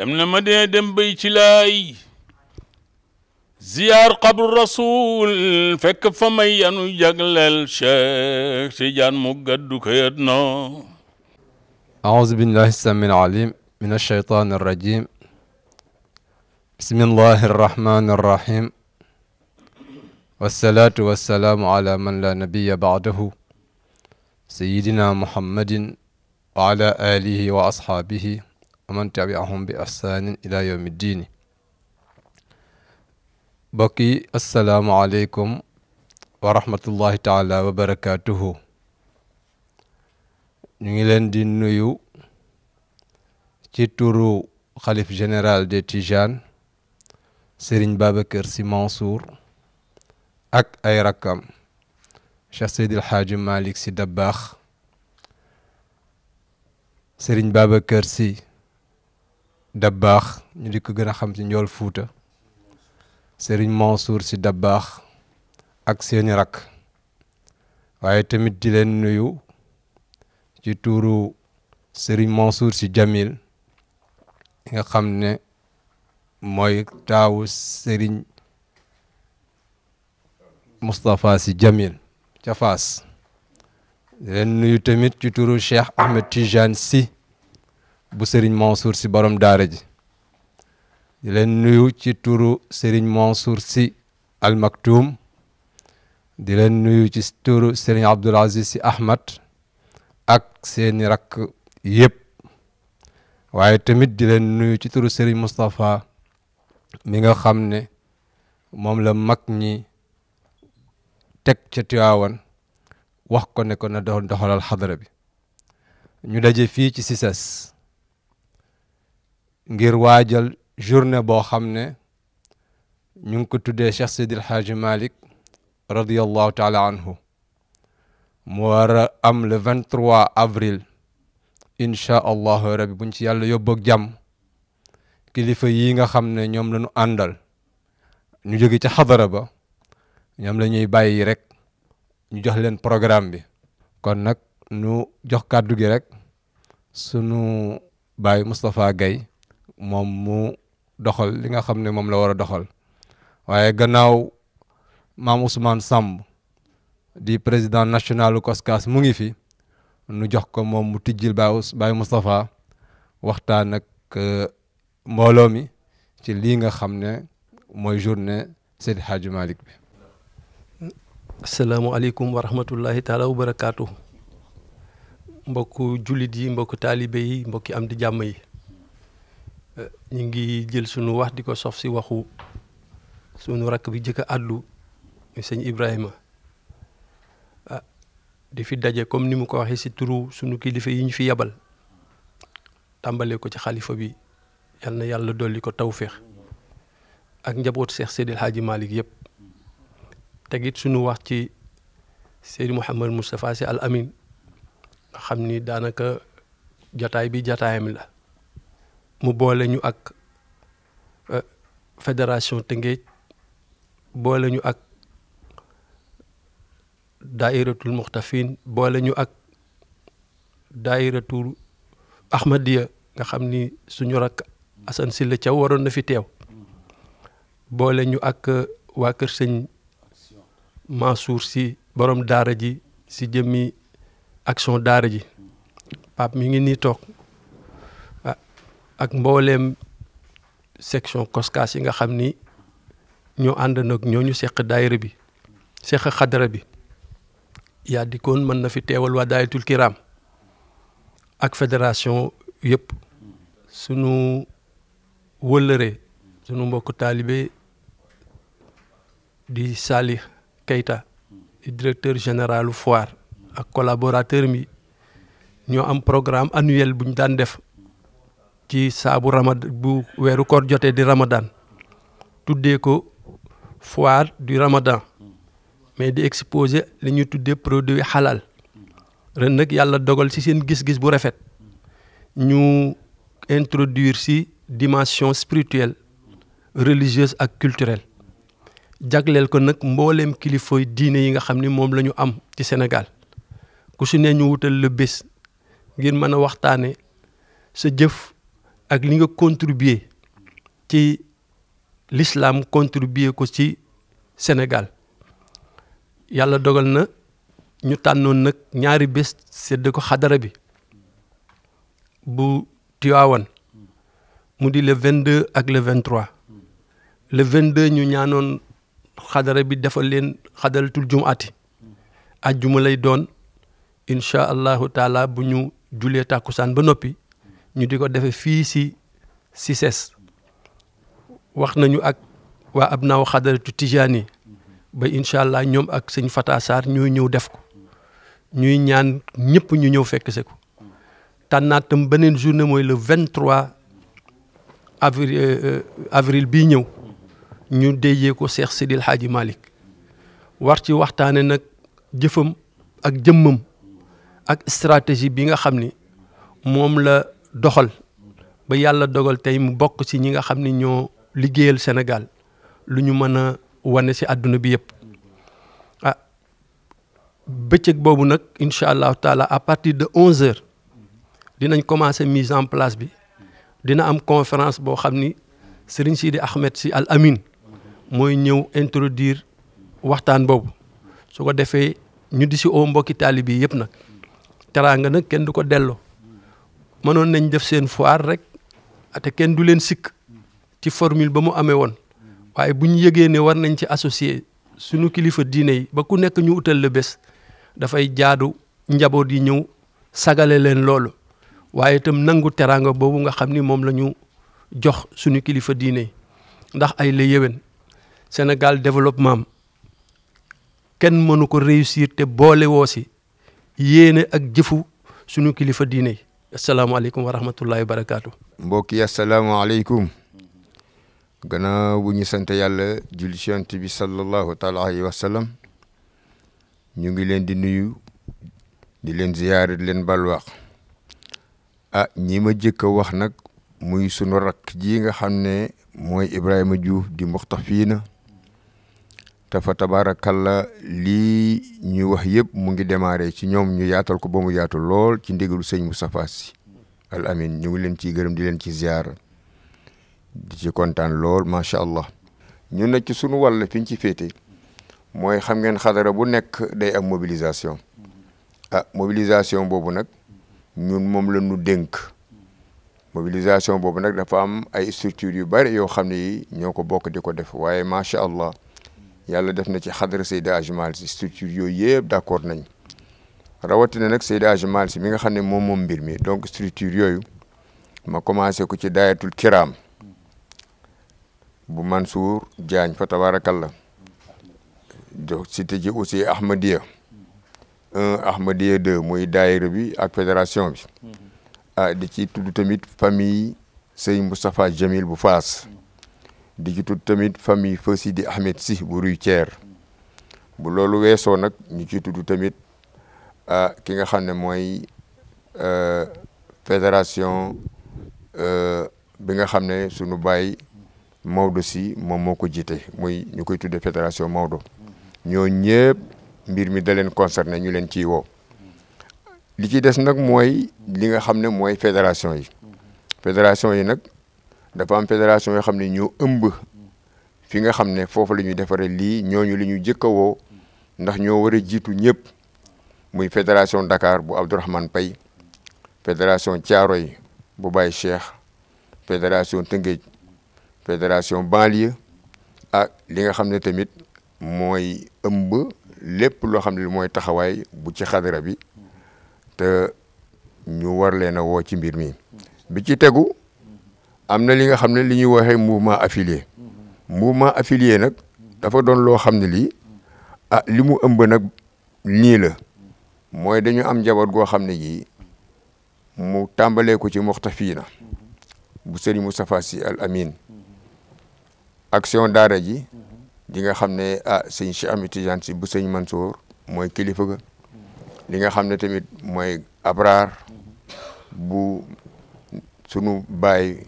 dem na Madina dem bay ci qabru rasul fekk fa may yanu jagleel Cheikh Tidiane mu gàddu ko yadna aouzu billahi samiil alim min alsheytaan arrajim bismillahi arrahmani arrahim wassalaatu wassalaamu ala man la nabiya baadahu sayidina muhammadin wa ala alihi waman tabiahum bi ihsanin ila yawmi diini mbokk yi asalaamualeykum wa rahmatullahi taala wa barakatuhu ñu ngi leen di nuyu ci turu xalif général de Tijane Serigne Babacar Sy Mansour ak ay rakkam Cheikh Seydil Hadji Malick Sy Dabakh Serigne Babacar Sy Dabbaax ñu di ko gën a xam ci Njool Fuuta Serigne Mansour si Dabbaax ak seeni rakk waaye tamit di leen nuyu ci tuuru Serigne Mansour si Jamil nga xam ne mooy taawu Serigne Moustapha si Jamil ca Faas di leen nuyu tamit ci tuuru Cheikh Ahmed Tijane si. bu Serigne Mansour si borom daara ji di leen nuyu ci turu Serigne Mansour si Al Maktoum di leen nuyu ci turu Serigne Abdoul Aziz si Ahmad ak seeni rakk yëpp waaye tamit di leen nuyu ci turu seriñ Moustapha mi nga xam ne moom la mag ñi teg ca Tiwaawan wax ko ne ko na doon doxalal xadara bi ñu daje fii ci Cissesse ngir waajal journée boo xam ne ñu ngi ko tuddee Cheikh Seydil Hadji Malick radiyallahu taala anhu mu war a am le 23 avril incha allahu rabbi buñ ci yàlla yóbboog jàmm kilifa yi nga xam ne ñoom la ñu àndal ñu jóge ca xadara ba ñoom la ñuy bàyyi rek ñu jox leen programme bi kon nag nu jox kàddu gi rek sunu baay Moustapha Gaye moom mu doxal li nga xam ne moom la war a doxal waaye gannaaw maam Ousmane Samb di président national COSCAS mu ngi fi nu jox ko moom mu tijjil Baye Moustapha waxtaan ak euh, mbooloo mi ci lii nga xam ne mooy journée Seydi Hadji Malick bi asalaamualeykum wa rahmatullahi taala wa barakaatu mbokku jullit yi mbokku taalibe yi mbokki am di jàmm yi ñu ngi jël sunu wax di ko sof si waxu sunu rakk bi jëkk a àddu sëñ Ibrahima ah di fi daje comme ni mu ko waxee si turu sunu kilifa yi ñu fi yabal tàmbalee ko ci xalifa bi yal na yàlla dolli ko tawféex ak njaboot Seex Seydil Haaji Malick yëpp tegit sunu wax ci Seydi Mouhamed Moustapha si Al Amin nga xam ni daanaka jataay bi jataayam la mu boole ñu ak euh, fédération Tëngéej boole ñu ak daairatul muxtafin boole ñu ak daairatul ahmadiya nga xam ni suñu rakk Assane Sylla Thiaw waroon na fi teew boole ñu ak euh, waa kër sëñ Mansour si boroom daara ji si jëmmi action daara ji Pape mi ngi nii toog ak mbooleem section koskaas yi nga xam ni ñoo ànd nag ñoo ñu seq daayira bi seq xadara bi yaa di koon mën na fi teewal waa daayatul kiraam ak fédération yëpp sunu wëllëre sunu mbokk taalibe di Salih Keita di directeur général foire ak collaborateur mi ñoo am programme annuel bu ñu daan def ci saabu ramad bu weeru koor jotee di ramadan tuddee ko foire du ramadan mais di exposer li ñuy tuddee produit xalaal ren nag yàlla dogal ci seen gis-gis bu rafet ñu introduir si dimension spirituelle religieuse ak culturelle jagleel ko nag mbooleem kilifooy diine yi nga xam ni moom lañu am ci Sénégal ku su ne ñu wutal la bés ngir mën a waxtaane sa jëf ak li nga contribuer ci lislaam contribuer ko ci Sénégal yàlla dogal na ñu tànnoon nag ñaari bés sedd ko xadara bi bu Tiwaawan mu di le 22 ak le 23 le 22 ñu ñaanoon xadara bi defal leen xadaratul jumaati ajjuma lay doon incha allahu taala bu ñu julee tàkkusaan ba noppi ñu di ko defe fii si CICES wax nañu ak waa ab naaw xadaratu Tijaani ba incha allah ñoom ak sëñ Fata Sarr ñooy ñëw def ko ñuy ñaan ñëpp ñu ñëw fekk se ko tànnaatam beneen journée mooy le 23 avril euh, avril bii ñëw ñu déjee ko Seex Sidil Haaji malik war ci waxtaane nag jëfam ak jëmmam ak stratégie bi nga xam ni moom la doxal ba yàlla dogal tey mu bokk si ñi nga xam ne ñoo liggéeyal Sénégal lu ñu mën a wane si àdduna bi yëpp a ah, bëccëg boobu nag incha allahu taala à partir de onze heures dinañ commencer mise en place bi dina am conférence boo xam ni Serigne Sidi Ahmed si Al amine mooy ñëw introduire waxtaan boobu su ko defee ñu di si oo mbokki taalibe yi yëpp nag nga nag kenn du ko delloo. mënoon nañ def seen foire rek te kenn du leen sikk ci formule ba mu amee woon waaye bu ñu yëgee ne war nañ ci associé suñu kilifa diine yi ba ku nekk ñu utal la bés dafay jaadu njaboot yi ñëw sagale leen loolu waaye itam nangu teraanga boobu nga xam ni moom lañu jox suñu kilifa diine yi ndax ay la yéwén Sénégal développement kenn mënu ko réussir te boole woo si yéene ak jëfu suñu kilifa diine yi asalaamaaleykum wa rahmatullahi wa barakaatu. mbokk yi asalaamaaleykum. gannaaw bu ñu sant yàlla julli ci Yonent bi sallallahu taala alayhi wa sallam ñu ngi leen di nuyu di leen ziyaare di leen balwaax ah ñi ma jëkk a wax nag muy sunu rakk ji nga xam ne mooy Ibrahima Diouf di muxtafiina te fa tabaarakalla lii ñuy wax yëpp mu ngi démarré ci ñoom ñu yaatal ko ba mu yaatu lool ci ndigalu sëñ Moustapha Sy al amin ñu ngi leen ciy gërëm di leen ci ziar ci kontaan lool macha allah ñun nag ci sunu wàll fi ñu féete mooy xam ngeen xadara bu nekk day am mobilisation ah mobilisation boobu nag ñun moom la ñu dénk mobilisation boobu nag dafa am ay structures yu bari yoo xam ni yi ñoo ko bokk di ko def waaye macha allah yàlla def na ci xadra Seydi Hadji Malick structure yooyu yëpp d' accord nañ rawatina nag Seydi Hadji Malick Sy mi nga xam ne moom moom mbir mi donc structure yooyu ma commencé ko ci daayatul kiraam bu Mansour Diagne fa tabarakallah donc cité ji aussi Ahmadiyya un Ahmadiyya de mooy daayira bi ak fédération bi ah di ci tudd tamit famille Sëñ Moustapha Jamil bu Faas di ci tudd tamit famille fa Sidi Ahmed si bu Ruy Thier bu loolu weesoo nag ñu ci tudd tamit ah, ki nga xam ne mooy euh, fédération euh, bi nga xam ne sunu baay Maodo si moom moo ko jiite mooy ñu koy tuddee fédération Maodo ñoo ñëpp mbir mi da leen concerné ñu leen ciy woo li ci des nag mooy li nga xam ne mooy fédération yi fédération yi nag. dafa am fédération yoo xam ne ñu ëmb fi nga xam ne foofu la ñuy defaree lii ñooñu li ñu jëkk a ndax ñoo war a jiitu ñëpp muy fédération Dakar bu Abdourahmane Pay fédération Thiaroy bu Baye Cheikh fédération Tëngéej fédération banlieue ak li nga xam ne tamit mooy ëmb lépp loo xam li mooy taxawaay bu ci xadara bi te ñu war leen a woo ci mbir mi bi ci tegu am na li nga xam ne li ñuy waxee mouvement affilié mouvement affilié nag dafa doon loo xam ne lii ah li mu ëmb nag nii la mooy dañu am njaboot goo xam ne gii mu tàmbalee ko ci fiina bu Serigne Moustapha Sy Al Amin action daara ji di nga xam ne ah sëñ Cheikh bu sëñ Mansour mooy kilifa ga li nga xam ne tamit mooy Abrar bu sunu baay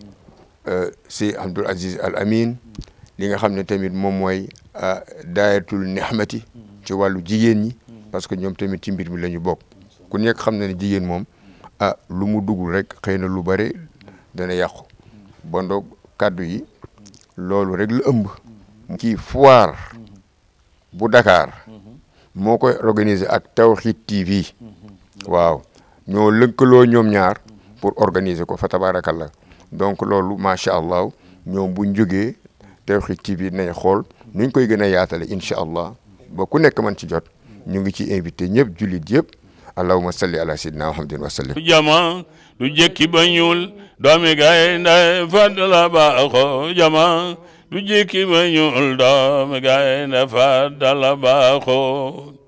Euh, si Abdoul Aziz Al Amin li nga xam ne tamit moom mooy euh, daayatul nexmati ci wàllu jigéen ñi parce que ñoom tamit ci mbir mi la ñu bokk ku nekk xam na ne jigéen moom ah lu mu dugul rek xëy na lu bare dana yàqu bondo kàddu yi loolu rek lu ëmb ci fuwaar bu dakaar moo koy organiser ak Tawhid TV mm-hmm. waaw ñoo lëkkaloo ñoom ñaar pour organiser ko fa tabarakallah donc loolu macha allah ñoom buñ jógee Tawhid TV nañ xool nuñ koy gën a yaatale incha allah ba ku nekk man ci jot ñu ngi ci invité ñëpp jullit yëpp allahumma salli ala sayyidina muhammadin wa sallim jama du jekki ba ñuul doomi gaay nday fadla baaxo jama du jekki ba ñuul doomi gaay nday fadla baaxo